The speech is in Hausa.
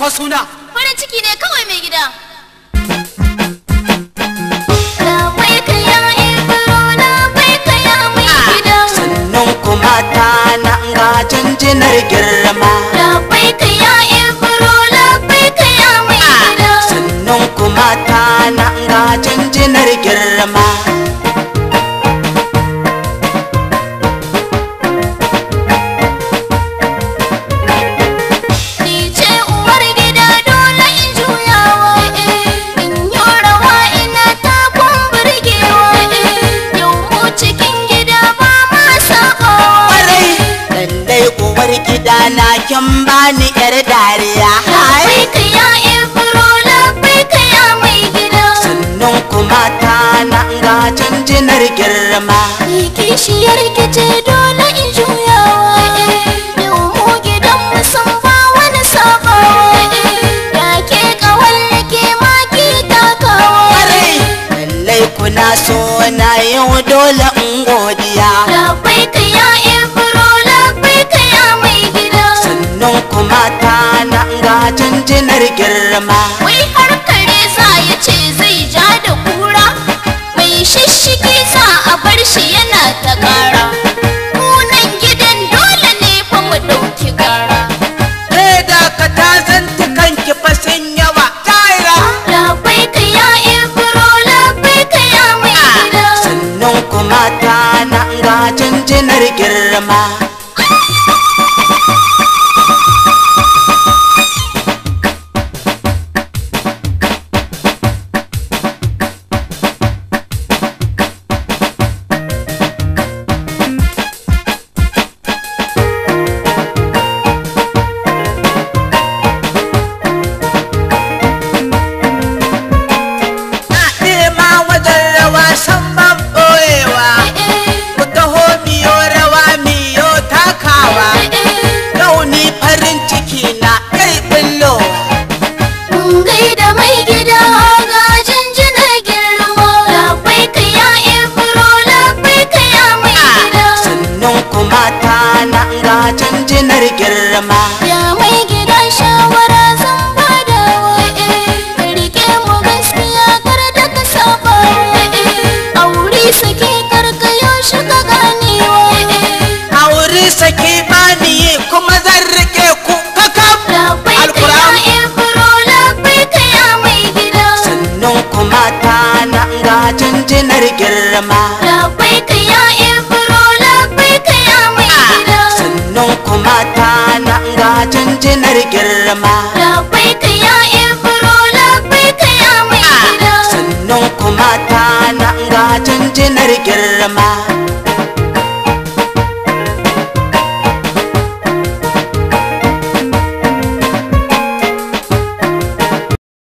को सुना na kin bani yar dariya ai kiya in furo labai kiya mai gida sannan kuma ta na ga girma ni kishiyar ki ce dole in juyawa eh, yau mu gidan mu sun ba wani sabawa eh, ya ke kawalle ke ma ki takawa lallai kuna so na yau dole in kuma ta na ga jinjinar girma wai har kare sa ya ce zai ja da kura mai shishshiki za a bar shi yana ta gara kunan gidan dole ne fa mu ɗauki gara eh da ka ta zanta kanki fa sun yawa taira labai ka ya ibro labai ka ya mai sannan kuma ta na ga jinjinar girma rana ga canjinar girma ya mai gidan shawara zan wae eh. rike mu gaskiya kar da ka saba eh. aure sake karkayo shiga ganewa eh. aure sake bani kuma zan rike ku kaka sannan kuma ta na ga canjinar girma rabbai ka ya gaban ku mata na ga girma ka ka mai sannan ku mata na ga canjinar girma